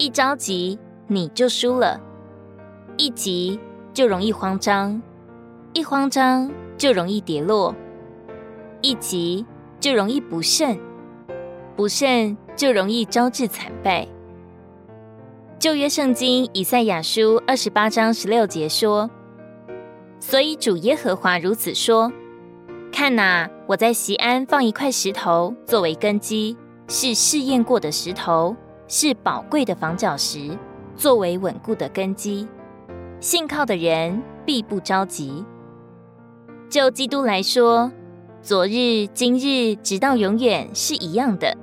一着急你就輸了，一急就容易慌張，一慌張就容易跌落，一急就容易不慎，不慎就容易招致慘敗。舊約聖經以賽亞書二十八章十六節說：“所以主耶和華如此說：看哪、啊，我在錫安放一塊石頭作為根基，是試驗過的石頭。”是寶貴的房角石，作為穩固的根基。信靠的人必不着急。就基督來說，昨日、今日、直到永遠是一樣的，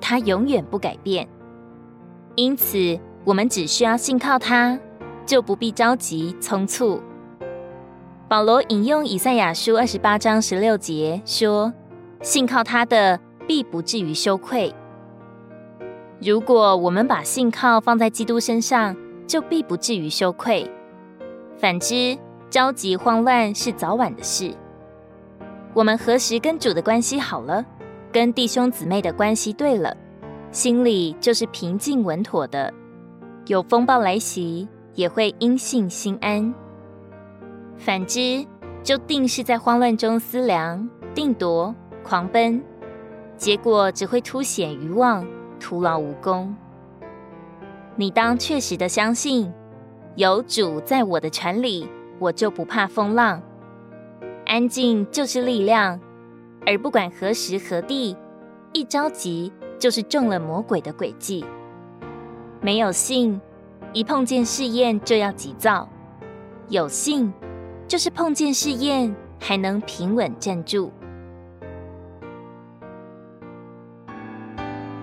他永遠不改變。因此，我們只需要信靠他，就不必着急匆促。保羅引用以賽亞書二十八章十六節說：“信靠他的，必不至於羞愧。”如果我們把信靠放在基督身上，就必不至於羞愧；反之，焦急慌亂是早晚的事。我們何時跟主的關係好了，跟弟兄姊妹的關係對了，心裡就是平靜穩妥的；有風暴來襲，也會因信心安。反之，就定是在慌亂中思量、定奪、狂奔，結果只會凸顯愚妄。徒勞無功。你當確實的相信，有主在我的船裡，我就不怕風浪。安靜就是力量，而不管何時何地，一着急就是中了魔鬼的詭計。沒有信，一碰見試驗就要急躁；有信，就是碰見試驗還能平穩站住。